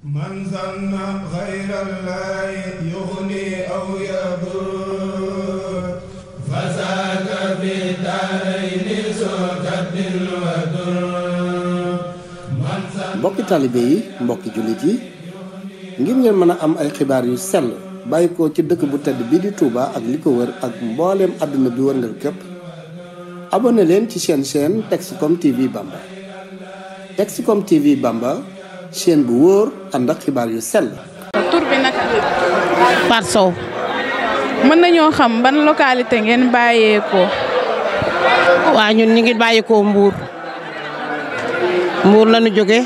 من ظن غير الله يغني أو يضر mbokki taalibe yi mbokki jullit yi ngir ngeen mën a am ay xibaar yu sell bàyyi ko ci dëkk bu tedd bii di tuubaa ak li ko wër ak mbooleem àdduna bi wërngal képp abonné leen ci seen chaîne Texcom TV Bamba Texcom TV Bamba chaîne bu wóor ànd ak xibaar yu sell. tur bi Sow. mën nañoo xam ban localité ngeen bàyyeekoo. waa ñu ngi bàyyeekoo mbuur mbuur lañu jóge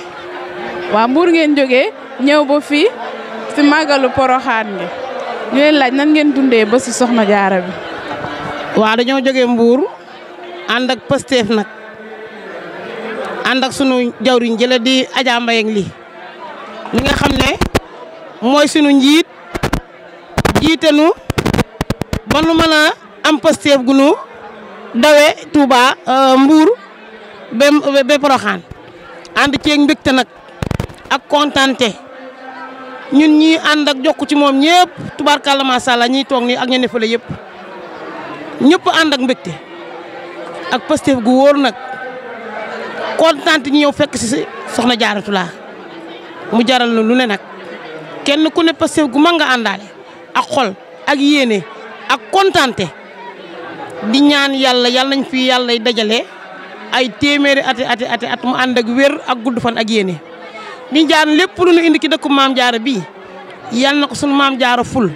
waa mbuur ngeen jóge ñëw ba fii ci màggalu Poroxaan gi ñu leen laaj nan ngeen dundee ba si Soxna Jaara bi. waa dañoo jógee Mbour ànd ak Pastef nag. andak sunu jawriñ jele di Adja Mbaye ak li mi nga xamne moy sunu njit jiite nu ba am posteef gu dawe Touba euh, Mbour be ba Poroxaan ànd ceeg mbekté nak ak kontante ñun ñi and ak jokku ci moom ñëpp tubaarkàlla ma sha Allah ñi tok ni ak ñene fele yépp ñepp and ak mbekté ak posteef gu wor nak kontaan ñu fekk ci soxna jaaratu laa mu jaral lu lu ne nag kenn ku ne passé gu ma nga andale ak xol ak yene ak di ñaan yalla yalla nañ fi dajale ay téméré ati ati ati at mu and ak wër ak gudd fan ak yene ni jaar lepp lu ñu indi ki dekk maam jaara bi yalla nako sunu maam jaara ful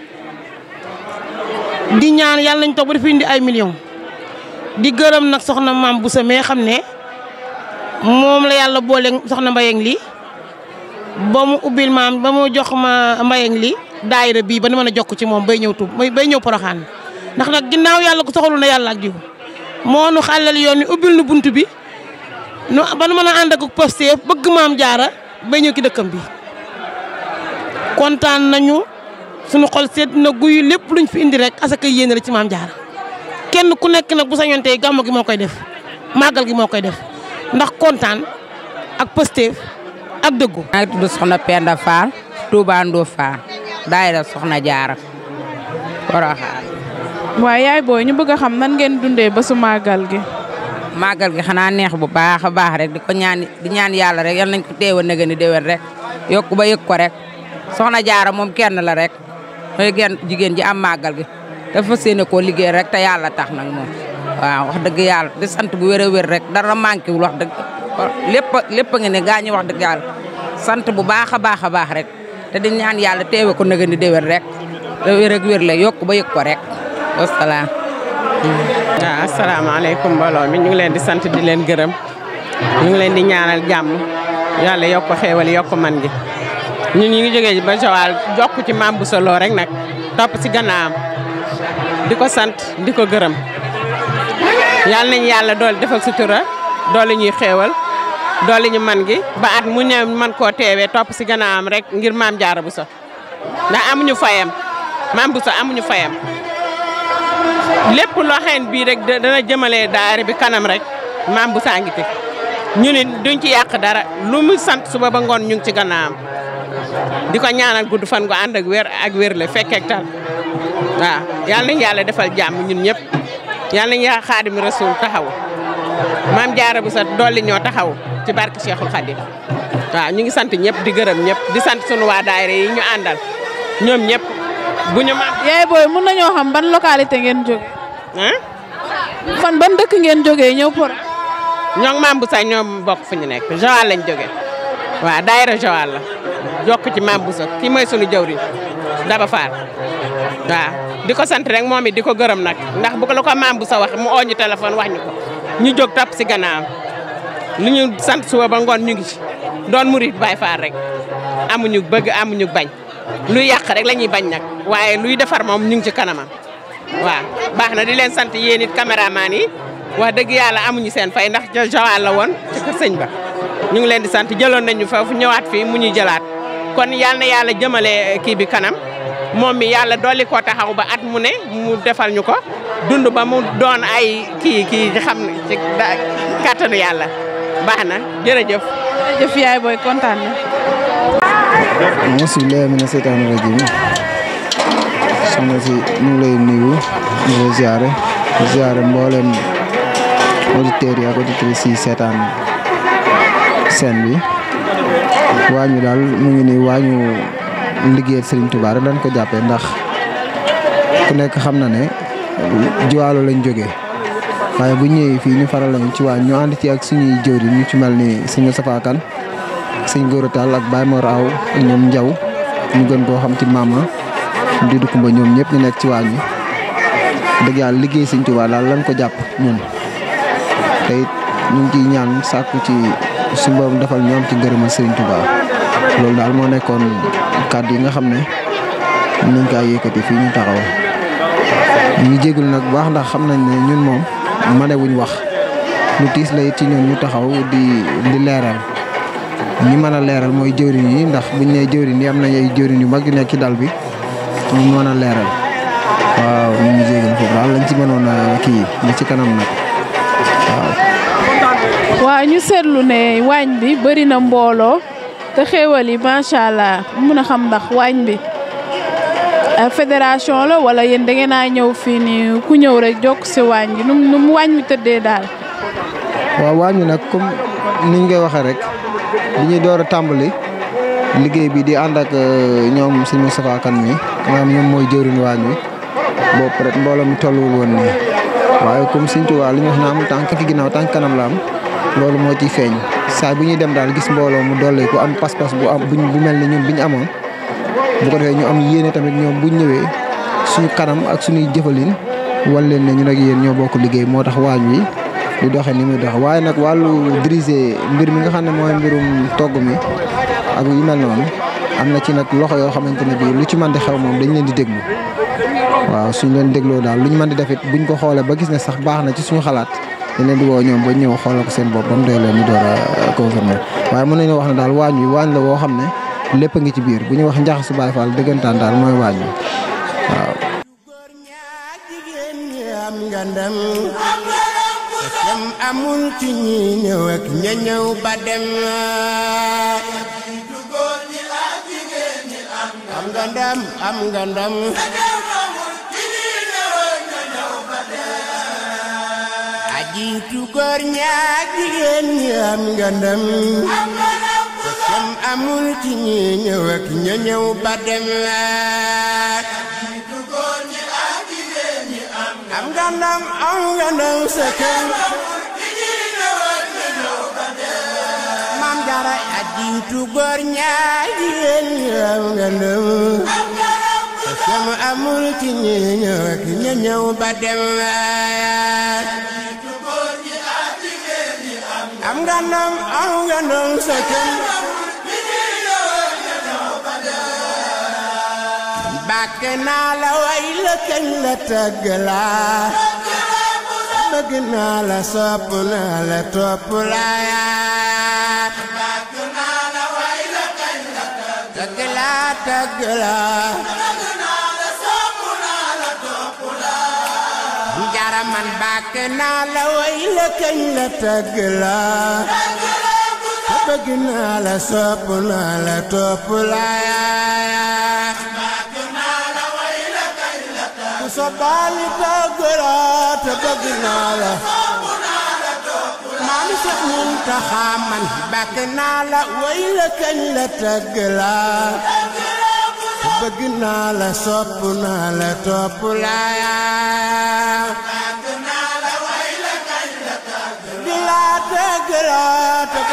di ñaan yalla indi ay millions di gëreem nak soxna maam bu sa me xamne mom la yalla bolé soxna mbayeng li ba mu ubil mam ba mu jox ma mbayeng li daayira bi ba ni mën a ci mom bay ñew tub bay ñew poroxaan ndax nak ginnaw yalla ko soxalu na ak jiw mo nu xalal yoni ubil nu buntu bi nu ba nu mën and ak poste bëgg mam jaara bay ñew ki dekkam bi nañu suñu xol set na guuy lepp luñ fi indi rek asaka yéene la ci mam jaara kenn ku nekk nak bu sañonté gamu gi mo koy def magal gi mo koy def ndax kontaan ak positif, ak dëggu. maa ngi tudd Soxna Penda Fall Touba Ndo Fall daayira Soxna Jaara Porokhane. waaw yaay booy ñu bëgg a xam nan ngeen dundee ba su gi. gi neex bu baax baax rek di ko ñaan di ñaan yàlla rek yal nañ ko teewa rek yokku ba yëg ko rek soxna jaara moom kenn la rek mooy genn ji am magal gi da fas yéene koo liggéey rek te yalla tax nak mom waaw wax dëgg yalla di sant bu wéré wér rek dara manqué wul wax dëgg lépp lépp nga ne gañu wax dëgg yalla sant bu baaxa baaxa baax rek te di ñaan yalla téwé ko nagandi déwén rek te wér ak wér la yok ba yëg ko rek wasalaam. waaw alaykum mbooloo mi ñu ngi leen di sant di leen gërëm ñu ngi leen di ñaanal yalla yok ko xéewal yokk man gi ñun ñi ngi jógee ba jowal jokk ci mambu solo rek nak top ci gannaam di ko sant di ko gërëm yàlla nañ yàlla dool defal sutura doole ñuy xéewal doole ñu man gi ba at mu ñëw man koo teewee rek ngir maam jaara bu so ndax amuñu fayam maam bu so amuñu fayam lépp loo xeen bii rek dana jëmalee daara bi kanam rek maam bu saa ngi teg ñu ne duñ ci yàq dara lu mu sant suba ba ngoon ñu ngi ci gannaawam di ko ñaanal gudd fan ak ak tal waaw yal nañu yàlla defal jàmm ñun ñëpp yal nañu yàlla xaadimu rasul taxaw maam jaara bu sa dolli ñoo taxaw ci barke Cheikhul Khadim waaw ñu ngi sant ñëpp di gërëm ñëpp di sant sunu waa daayira yi ñu àndal ñoom ñëpp bu ñu maam. yaay booy mun nañoo xam ban localité ngeen jógee. ah. fan ban dëkk ngeen jóge ñëw pour. ñoo ngi maam bu sa ñoom bokk fu ñu nekk Joal lañ jógee waaw daay Joal la jokk ci maam bu sa kii mooy sunu jawriñ Daba Fall wa di sante rek momi diko di nak ndax bu ko la ko maam bu sa wax mu oñu telephone téléphone wax ñu ko ñu jog tap ci ganam lu ñu sante suba ba ngon ñu ngi ci doon mourid bay Faal rek amuñu bëgg amuñu bañ luy yaq rek lañuy bañ nak waye luy defar mom ñu ngi ci kanama wa baxna di leen sante yéen it yi wax dëgg yàlla amuñu seen fay ndax Joal la won ci ko señ ba ñu ngi leen di sante jëlon nañu fofu ñëwaat fi mu ñuy jëlaat kon yàlla yàlla jëmale eh, kii bi kanam moom mi yàlla dolli ko taxaw ba at mu ne mu defar ñu ko dund ba mu doon ay kii kii xam ne kàttanu yàlla baax na jërëjëf. jërëjëf yaay booy kontaan na. bismilaahi mina seytaani rajiim soxna si ñu ngi lay nuyu ñu ngi ziare ziare mboolem auditeurs yi ak auditrices yi seetaan seen bi. wañu dal mu ngi ni wañu liggéey serigne touba rek dañ ko jappé ndax ku nek xam na né jiwalo lañ joggé waye bu ñëwé fi ñu faral lañu ci wañu and ci ak suñuy jëwri ñu ci melni serigne safa kan serigne gorotal ak bay mor aw ñom ñu gën ko xam ci mama di dukumba ñom ñep ñu nek ci wañu deug yalla liggéey serigne touba dal lañ ko japp ñun tay ñu ngi ñaan sakku ci suñu borom defal ñoom ci ngërëmal Serigne Touba loolu daal moo nekkoon kàdd yi nga xam ne nañ kaa yëkkati fii ñu taxaw ñu jégul nag bu baax ndax xam nañ ne ñun moom mënewuñ wax lu tiis la ci ñun ñu taxaw di di leeral ñi mën a leeral mooy jëwriñ yi ndax buñ nee jëwriñ yi nañ ay jëwriñ yu mag yu nekk ci dal bi ñu mën a leeral waaw ñu jégul lañ ci mënoon kii ci kanam nag waaw ñu seetlu ne waañ bi bëri na mbooloo te xéewal yi macha allah mun a xam ndax waañ bi euh, fédération la wala yéen da ngeen a ñëw fii nii ku ñëw rek jokk si waañ bi nu nu mu waañ bi tëddee daal. waaw waañ bi nag comme niñ koy waxee rek li ñuy door a tàmbali liggéey bi di ànd ak euh, ñoom suñu Moustapha Kane mi maanaam ñoom mooy jëriñ waañ wi boobu peut mbooloo mi tolluwul woon nii waaye comme Sëñ Tuubaa li ñu wax na am tànk ki ginnaaw tànk kanam la am loolu mo ci feñ sa buñu dem dal gis mbolo mu dolli ku am pass pass bu am bu melni ñun bi amon bu ko defé ñu am yene tamit ñom bu ñëwé suñu kanam ak suñu jëfëlin walé né ñun ak yéen ño bokk liggéey moo tax waañ wi du doxé ni muy dox waaye nak walu drisé mbir mi nga xamné moy mbirum togg mi ak yu mel non am na ci nak loxo yo xamanteni bi lu ci man di xew mom dañ leen di déglu waaw suñu leen dégloo dal lu man di def buñ ko xolé ba gis né sax baxna na ci suñu xalaat leen di woo ñoom ba ñëw xoolal ko seen bopp ba doy leen ñu door a confirmer waaye mën nañu wax ne daal waañ wi waañ la woo xam ne lépp ngi ci biir bu ñu wax su Baye Fall dëggantaan daal mooy waañ wi waaw. am amul ci ñi ñëw ak ña ñëw ba dem. am nga ndam am nga ndam. jiitu góor ñaa jigéen ñi am nga ndam am am nga am nga sa kër maam dara a jiitu góor ñaa jigéen ñi am nga am amul ci ñi ñëw ak ña ñëw ba dem laak am nga nang am nga sa kër. bàkke naa la way la la tëgg laa. bëgg naa la sopp naa la topp laa yaa. bàkke la way la la tëgg laa tëgg laa. man bàkk naa la way la kañ la la bëgg naa la sopp tëgg la sa baali naa la maam naa la way la kañ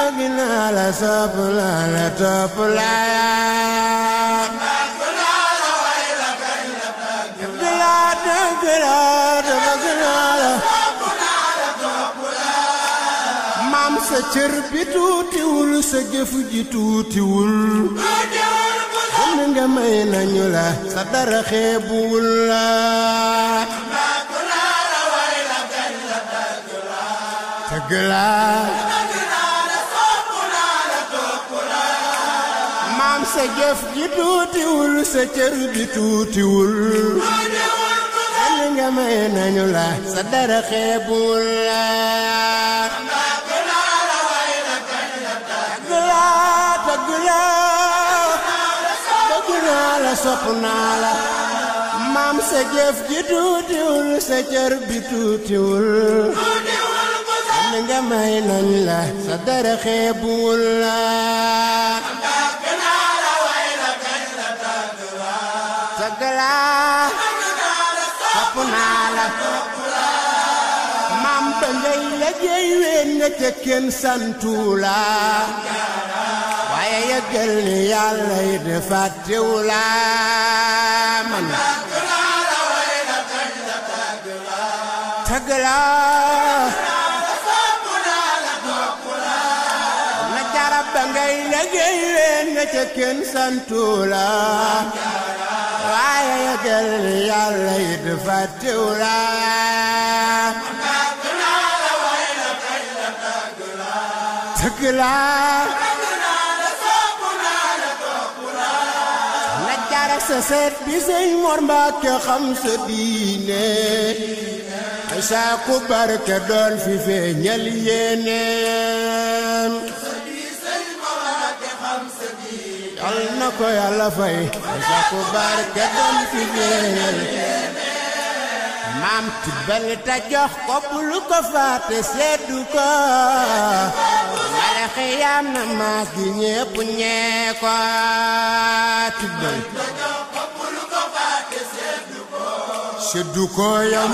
bëgg naa la sopp naa la topp laa la. maam sa cër bi tuutiwul sa jëf ji tuutiwul. xam nga may nañu la sa dara xeebuwul la. tëgg laa. sa jëf ji tuutiwul laa tagg laa bëgg maam sa jëf ji tuutiwul sa maam ba ngay lajjey ween na te kenn santuula waaye yëggal ni yàlla yi ne fàttewula na jarab ba ngay lajjey ween na te santuula waaye yëgal yàlla it fàttewulaa tëgg laa na jarak sa seet bi sëñ Mor Mbàkke xam sa diine xisa ku barke doon fi feeñal yéeneem yal na ko yàlla fay saku barke doon fi maam tibbal ta jox ko bul ko faate seddu ko malaxe yaam na maas gi ñépp ñee ko tibbal seddu ko yow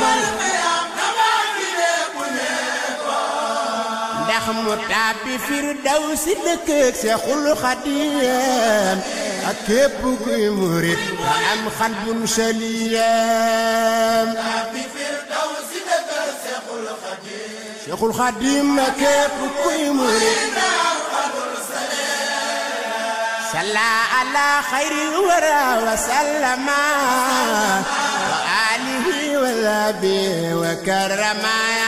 seex mu tàbbi firdawsi dëkk ak seexul xadiim ak képp kuy murit te am xalbun saliim seexul xadiim na képp kuy murit salla ala xayri wara wa sallama wa alihi wa zabi wa karama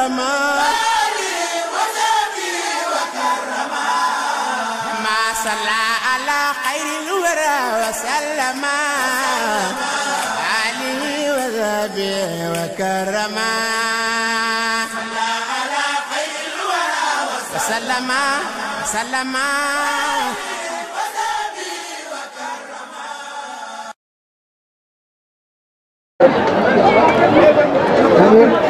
وسلما ما صلى على خير الورى وسلم علي وذبي وكرما صلى على خير الورى وسلم وسلم Thank you.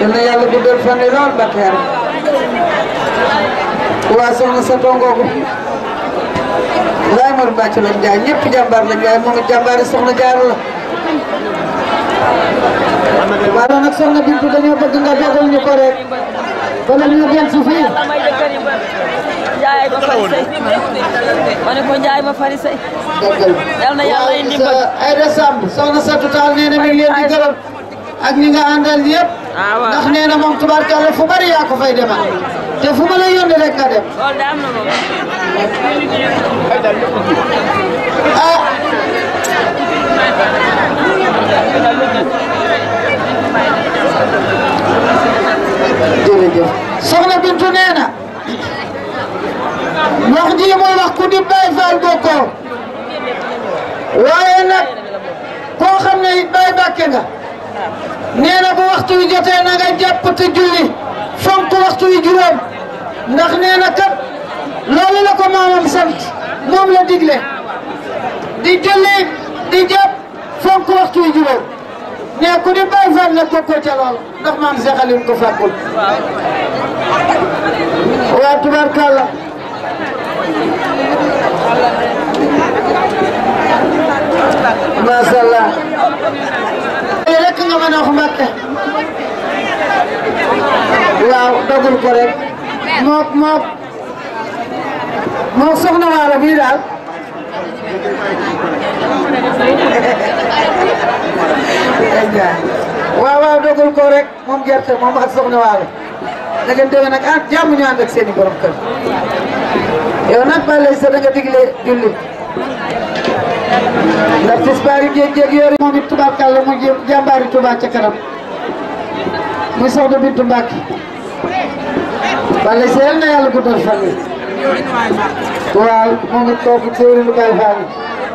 yal na yàlla guddal fan yi lool Bakar waa soxna sa tongoogu laay mor mbàcc lañ jaay ñëpp jàmbaar lañ waaye moom jàmbaari soxna jaaru la waaye nag soxna Bintu dañoo bëgg nga bégal ñu ko rek bala ñu gën si fii ma ne ko Njaay ma fari say yal na yàlla indi mbëgg Aïda Samb soxna Satou Tall nee na mi ngi leen di gërëm ak ñi nga àndal yëpp. ndax nee na moom tubaarkàlla fu bari yaa ko fay demal te fu ma la yónnee rek nga dem. ah. jërëjëf soxna Bintu nee na wax ji mooy wax ku di Baay Faal bokkoo waaye nag koo xam ne it Baay Bàkke nga. nee na bu waxtu wi jotee na nga jàpp te julli fonk waxtu wi juróom ndax nee na kat loolu la ko maamam sant moom la digle di julli di jàpp fonk waxtu wi ku di Baay Faal la ko ca lool ndax maam Seex Aliw rek nga mën a wax Mbàkke waaw dagul ko rek mook mook mook soxna waalo bii daal waaw waaw dogul ko rek moom gerte moom ak soxna waalo da ngeen demee nag ah jàmm ñu ànd ak seen i borom kër yow nag ba lay sa da nga digle ndax tisbaari géej géej yooyu moom it tubaarkàlla mu jàmbaari Tuubaa ca kanam muy soxna Bintu Mbàkke wala seel na yàlla guddal fan waaw moom it kooku teewlu Baay Faal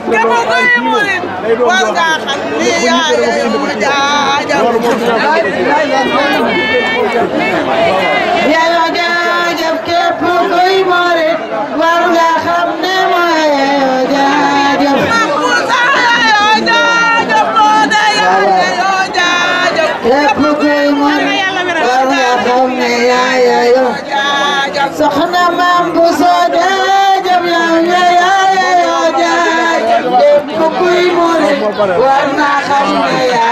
dama koy murit war ngaa xam ni yaayee mu jaajam yàlla jaajëf képp kuy murit war ngaa war naa xam ne yaa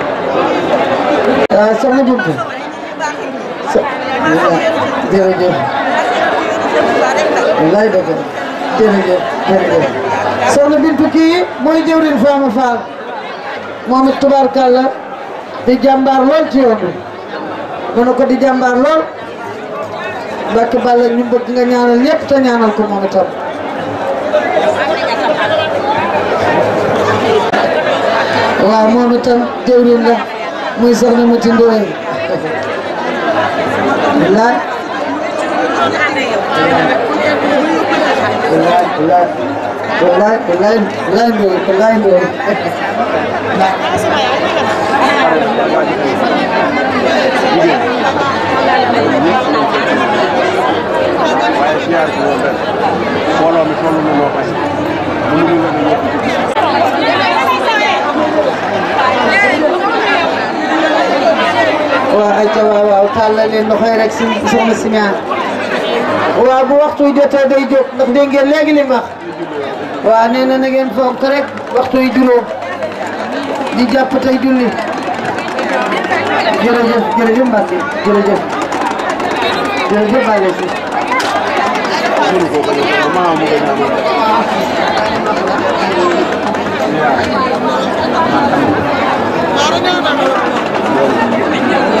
soxna Bintu jërëjëf wallaay dëgg la jërëjëf jërëjëf soxna Bintu kii Fama Fall di jambar lool ci yoon bi di jambar lool Mbàkke Balla ñu bëgg nga ñaanal ñëpp ñaanal ko waaw moom itam jëwriñ la muy soxna mu ci ndóoy laaj laaj laaj laaj ndóoy laaj ndóoy waaye siyaar bi moom benn mbooloo mi toll na moo fay والجواب وقال لأنه خيرك سوم السميان وأبو وقته يدوت هذا يدوت نخدين قال لاقي لي مخ وأنا نجين فوق ترك وقته يدلو دي جابت يدلي جرجف جرجف باتي جرجف جرجف باتي Yeah.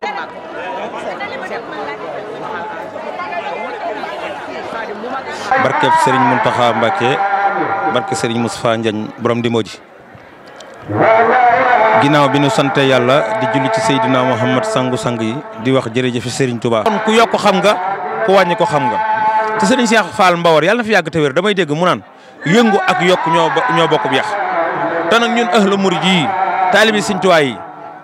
barke Serigne Mountakha Mbacké barke Serigne Moustapha ndian borom Dimoji ginaaw bi ñu sante yalla di julli ci sayyidina Muhammad sangu Sangi di wax jeuf Serigne Touba. kon ku yokk xam nga ku wañi ko xam nga te Serigne Cheikh Fall Mbawar yalla na fi yag te damay deg mu nan yëngu ak yok ño ño ñun ahlul murji talibi Serigne Touba yi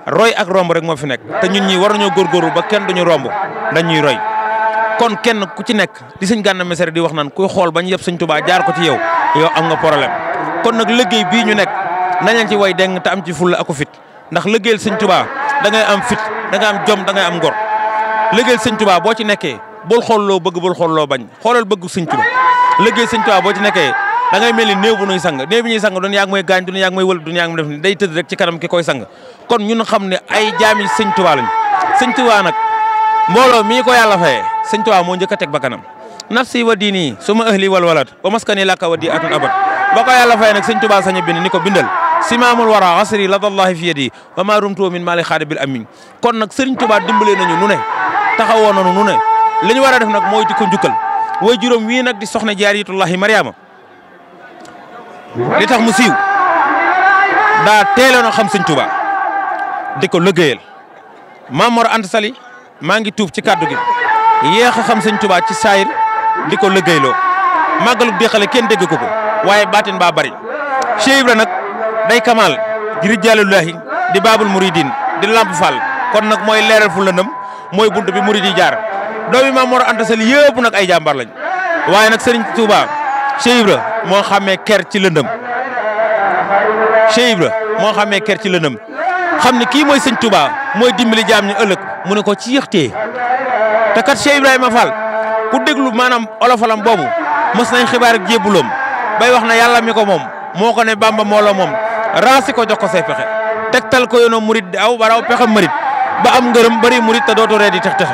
roy ak rombo rek mo fi nek te ñun ñi war gor goru ba kenn duñu rombo dañuy roy. kon kenn ku ci nekk di sëñ Gana Messere di wax naan kuy xool bañ yëpp sëñ Tuubaa jaar ko ci yow yow am nga problème kon nag liggéey bii ñu nekk nañ leen ci way deng te am ci fulla ak fit ndax liggéeyal sëñ tubaa da ngay am fit da am jom da ngay am ngor liggéeyal sëñ Tuubaa boo ci nekkee bul xool loo bëgg bul xool loo bañ xoolal bëgg sëñ Tuubaa liggéeyal sëñ Tuubaa boo ci nekkee da ngay mel ni néew bu nuy sang néew bi ñuy sang dun yaag mooy gaañ dun yaag mooy wël dun yaag mooy def ni day tëdd koy sang kon ñun xam ne ay jaami sëñ Tuubaa lañ sëñ Tuubaa nag mbolo mi ko yalla fay seigne Tuubaa mo njëkk tek bakanam nafsi wa dini suma ahli wal walad wa maskani làkka wa di atun abad bako yalla fay nak seigne sëñ Tuubaa bin niko bindal simamul wara asri ladallahi fi yadi wa ma rumtu min mali khadibil amin kon nak seigne Tuubaa dimbalee nañu nu ne taxawon nañu nu ne liñu wara def nak moy di ko jukal way juróom wi nak di soxna jariyatullahi maryama li tax mu siiw daa xam seigne diko mamor maa ngi tuub ci kàddu gi yéex a xam sëñ Tuubaa ci saayir di ko lëggéeyloo màggalu deexale kenn dégg ko ko waaye baatin baa bari Cheikh nag day kamaal di rijaalullahi di baabul muridin di lamp fall kon nag mooy leeral fu lëndëm mooy bunt bi murid yi jaar ma Maam Mor Anta Sali yëpp nag ay jàmbar waaye nag sëriñ Tuubaa Cheikh moo xamee ker ci lëndëm Cheikh moo xamee ker ci lëndëm xam ne kii mooy sëñ Tuubaa mooy dimbali jaam ñi ëllëg mu ne ko ci yëxtee te kat Cheikh ma Fall ku déglu maanaam olofalam boobu mës nañ xibaar ak jébbuloom bay wax na yàlla mi ko moom moo ko ne Bamba moo moom raasi ko jox ko say pexe tegtal ko yoonu murit di aw baraw pexe mërit ba am ngërëm bari murit te dootu ree di tex texe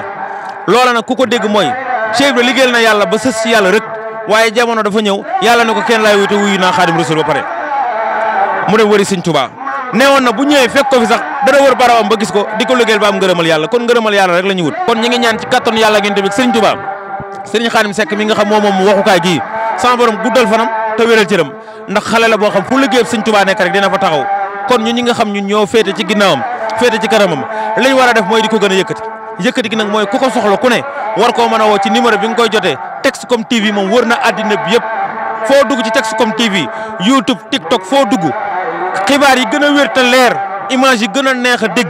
loola nag ku ko dégg mooy Cheikh Ibrahima liggéeyal na yàlla ba sës ci yàlla rek waaye jamono dafa ñëw yàlla ne ko kenn laay wute wuyu naa Xaadim Rasul ba pare mu dem wëri Sëñ Tuubaa newoon na bu ñëwee fekk ko fi sax dana wër barabam ba gis ko di ko liggéeyal ba am ngërëmal yàlla kon ngërëmal yàlla rek la ñu wut kon ñi ngi ñaan ci kattan yàlla ngeen tamit sëriñ Tuubaa sëriñ Xaadim Seck mi nga xam moo moom waxukaay gii sama borom guddal fanam te wéral cëram ndax xale la boo xam fu liggéeyam sëriñ Tuubaa nekk rek dina fa taxaw kon ñun ñi nga xam ñun ñoo féete ci ginnaawam féete ci kanamam li ñu war a def mooy di ko gën a yëkkati yëkkati gi nag mooy ku ko soxla ku ne war koo mën a woo bi nga koy jotee Texcom TV moom wër na àddina bi yëpp foo dugg ci foo dugg xibaar yi gën a wér te leer image yi gën a neex a dégg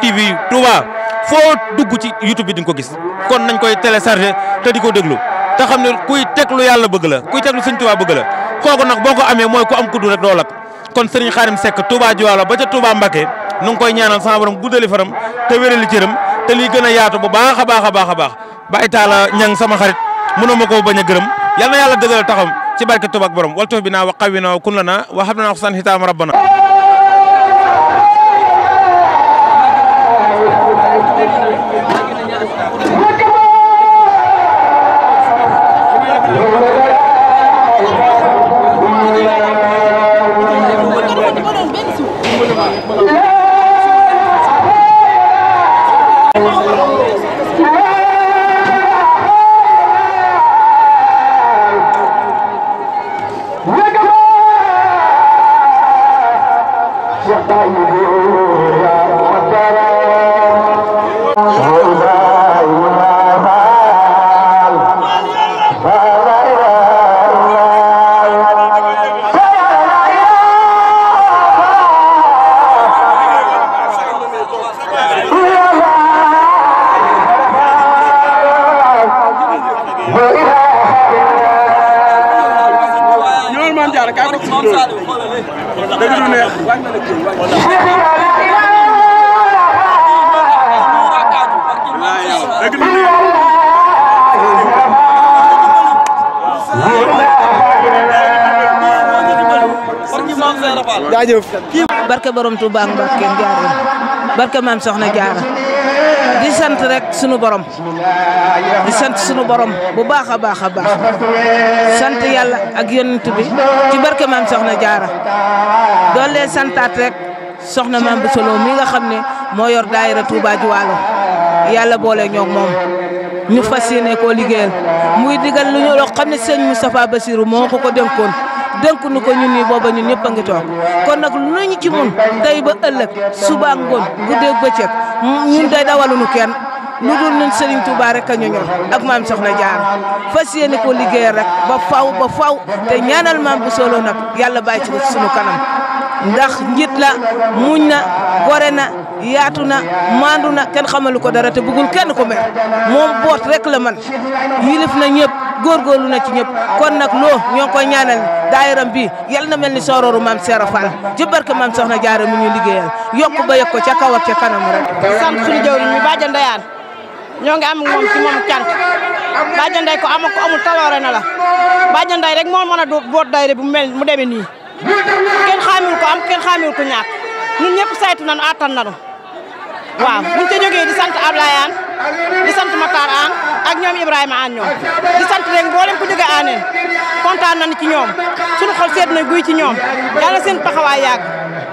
TV Touba foo dugg ci YouTube bi di ko gis kon nañ koy télécharger te di ko déglu te xam ne kuy teg lu yàlla bëgg la kuy teg lu sëñ Touba bëgg la kooku nag boo ko amee mooy ku am kuddu rek doo lakk kon sëriñ Xaarim Seck Touba la ba ca Touba Mbacké nu ngi koy ñaanal sama borom guddali faram te wérali cëram te liy gën a yaatu bu baax a baax a baax a baax ba ay taala ñang sama ko bañ a gërëm yàlla dëggal تبارك تبارك برم ولتو وقوينا وكلنا وحبنا نحسن هتام ربنا jaajëf. barke borom Touba ak Mbakke Ndiarène barke maam Soxna Jaara di sant rek sunu borom di sant sunu borom bu baax a baax a baax sant yàlla ak yonent bi ci barke maam Soxna Jaara doon lee santaat rek soxna maam Bousso Lo mi nga xam ne moo yor daayira Touba Juwaalo yàlla boole ñoog moom. ñu fas yéene koo liggéeyal muy digal lu ñu xam ne sëñ Moustapha Bassirou moo ko ko dénkoon dénk nu ko ñun ñi booba ñun ñëpp a ngi toog kon nag lu ñu ci mun tey ba ëllëg suba ngoon guddeeg bëccëg ñun day dawaluñu kenn lu dul ñun Serigne Touba ka a ñu ñor ak maam Soxna Jaar fas yéene koo liggéeyal rek ba faw ba faw te ñaanal maam bu solo nag yàlla bàyyi ci sunu kanam. ndax njit la muñ na manduna na yaatu na maandu na kenn xamalu ko dara te bëggul kenn ko mer moom boot rek la man yilif na ñëpp góorgóorlu na ci ñëpp kon nag loo ñoo koy ñaanal daayiram bi yal na mel ni soorooru maam fall ci barke maam soxna jaara mi ñu liggéeyal yokk ba yokk ko ca kaw ak ca kanam rek sant suñu jawri mi baaja ndayaan am ci baaja nday ko am amul taloore na la baaja nday rek moo daayira bu mel mu kenn xaamul ko am kenn xaamul ko ñàkk ñun ñëpp saytu nañu attan nañu waaw buñ ca jógee di sant a Aan di sant Matar Aan ak ñoom Ibrahima Aan ñoom di sant leen mboolem ku jóge aaneen kontaan nañu ci ñoom suñu xol seet na guy ci ñoom yàlla seen taxawaay yàgg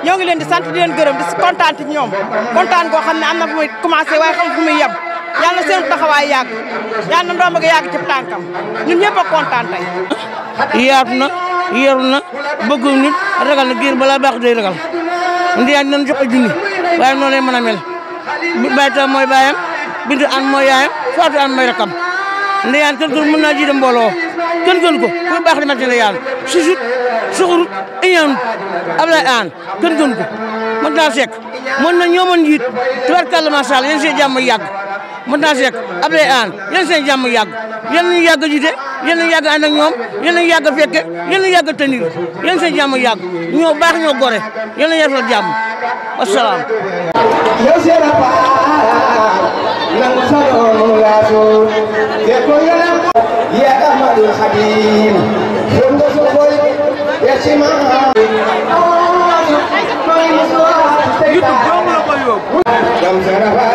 ñoo ngi leen di sant di leen gërëm di kontaan ci ñoom kontaan goo xam ne am na fu muy commencé waaye xam fu muy yem yàlla seen taxawaay yàgg yàlla na ndoom ak yàgg ci tànkam a yaru na bëggum nit ragal na giir balaa baax day ragal ndiyaa nan jox a junni waaye noonu lay mën a mel baay tam mooy baayam bintu an mooy yaayam faatu an mooy rakam ndeyaan kenn gën mën naa jiite mbooloo kenn gën ko kuy baax di matti yaan susut suxurut iñaanut ablaay aan kenn gën ko mën naa mën na ñoo mën jiit tubarkàlla macha allah yéen seen jàmm mën naa seq Ablaye Aan yéen seen yàgg yéen ñu yàgg a jiite yéen ñu yàgg a ànd ak ñoom yéen yàgg a fekke yàgg a tenir yéen yàgg ñoo baax ñoo gore yéen ñu yàgg a jàmm wasalaam. YouTube dong la ko yóbbu.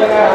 Thank you.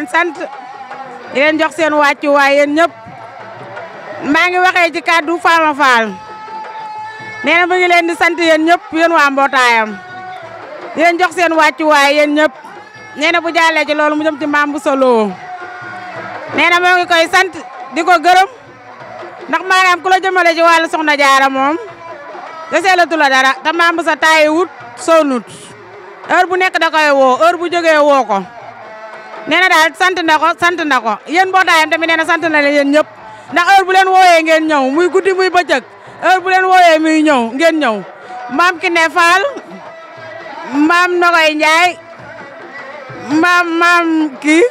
leen sant di leen jox seen wàccuwaay yéen ñëpp maa ngi waxee ci kàddu Fama Fall nee mu ngi leen di sant yéen ñëpp yéen waa mbootaayam di leen jox seen wàccuwaay yéen ñëpp nee na bu jàllee ci loolu mu jëm ci maam bu solo nee na moo ngi koy sant di ko gërëm ndax maanaam ku la jëmale ci wàllu soxna jaara moom deseelatu la dara te maam sa taayi wut sonnut heure bu nekk da koy woo heure bu jógee woo ko nee na daal sant na ko sant na ko yéen mbootaayam tamit nee na sant na leen yéen ñëpp ndax heure bu leen wooyee ngeen ñëw muy guddi muy bëccëg heure bu leen wooyee muy ñëw ngeen ñëw maam Kiné Fall maam Nogoy Ndiaye maam maam kii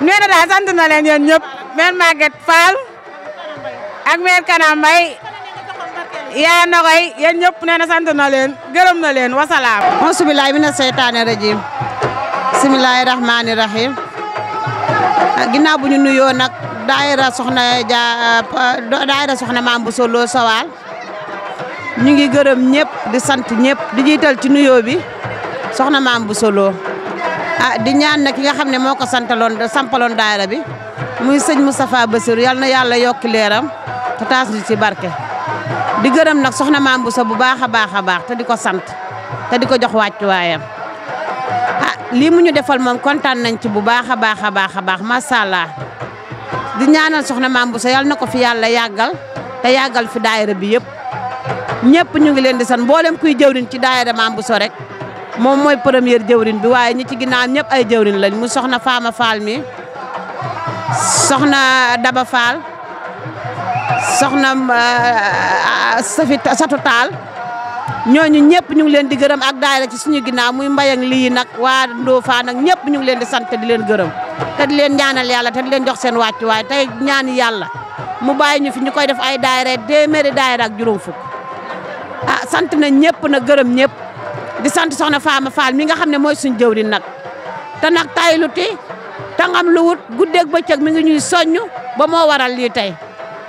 nee na daal sant na leen yéen ñëpp mère Maguette Fall ak mère Kana Mbaye yaa Nogoy yéen ñëpp nee na sant na leen gërëm na leen wasalaam. auzu billaahi mina seytaani rajiim bismillaahi rahmaani rahiim Ah, ginnaaw bu ñu nuyoo nag daayira soxna ja ah, daayira soxna maam bu solo Sawal ñu ngi gërëm ñëpp di sant ñëpp di jiital ci nuyoo bi soxna maam bu solo ah di ñaan na ki nga xam ne moo ko santaloon sampaloon daayira bi muy sëñ Moustapha Bassirou yal na yàlla yokk leeram te taas ñu ci barke di gërëm nag soxna maam bu sa bu baax a baax a baax di ko sant te di ko jox wàccuwaayam lii mu ñu defal moom kontaan nañ ci bu baax a baax a baax a baax macha allah di ñaanal soxna Mame Bousso yàlla na ko fi yàlla yàggal te yàggal fi daayira bi yëpp ñëpp ñu ngi leen di san kuy ci rek bi ñi ci ay lañ mu soxna Fama Fall mi soxna Daba Fall soxna euh, Safit Satu total. ñooñu ñëpp ñu ngi leen di gërëm ak daayira ci suñu ginnaaw muy mbay lii nag waa Ndofane nag ñëpp ñu ngi leen di sant di leen gërëm te di leen ñaanal yàlla te di leen jox seen wàccuwaay tey ñaan yàlla mu bàyyi ñu fi ñu koy def ay daayira téeméeri daayira ak juróom fukk ah sant na ñëpp na gërëm ñëpp di sant soxna Fama Fall mi nga xam ne mooy suñu jëwriñ nag te nag tayluti te ngam lu wut ba cëg mi ngi ñuy soññ ba moo waral lii tey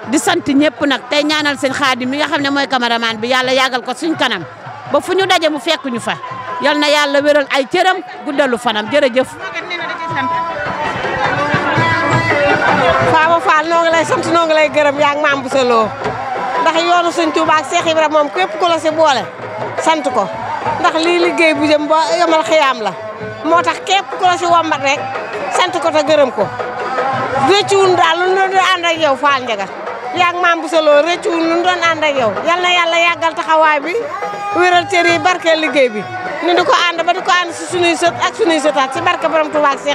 di sant ñëpp nag tey ñaanal sëñ xaadim mi nga xam ne mooy cameraman bi yàlla yàggal ko suñ kanam ba fu ñu daje mu fekk ñu fa yal na yàlla wéral ay cëram guddalu fanam jërëjëf. Faama Fall noo ngi sant noo ngi lay gërëm yaa ngi maam bu saloo ndax yoonu suñ Tuuba ak Seex Ibra moom képp ku la si boole sant ko ndax lii liggéey bu jëm ba yomal xiyaam la moo tax képp ku la si wombat rek sant ko te gërëm ko. réccuwun daal lu ñu doon ànd ak yow Fall Yang mampu seluruh cunun dan anda yo yang layak yow yal na yàlla yàggal taxawaay bi wéral cër yi barkeel liggéey ni di ko ànd ba di si ak sunuy sëtaat si barke borom Tuubaa ak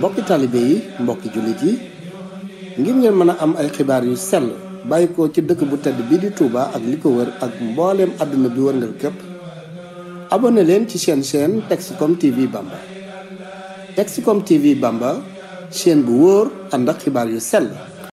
mbokki talibe yi mbokki julit yi ngir ngeen mëna am ay xibaar yu sell bàyyi ko ci dëkk bu tedd bii di Touba ak li ko wër ak mbooleem àdduna bi wër ngeen képp abonné leen ci seen chaîne Texcom TV Bamba Texcom TV Bamba chaîne bu wóor ànd ak xibaar yu sell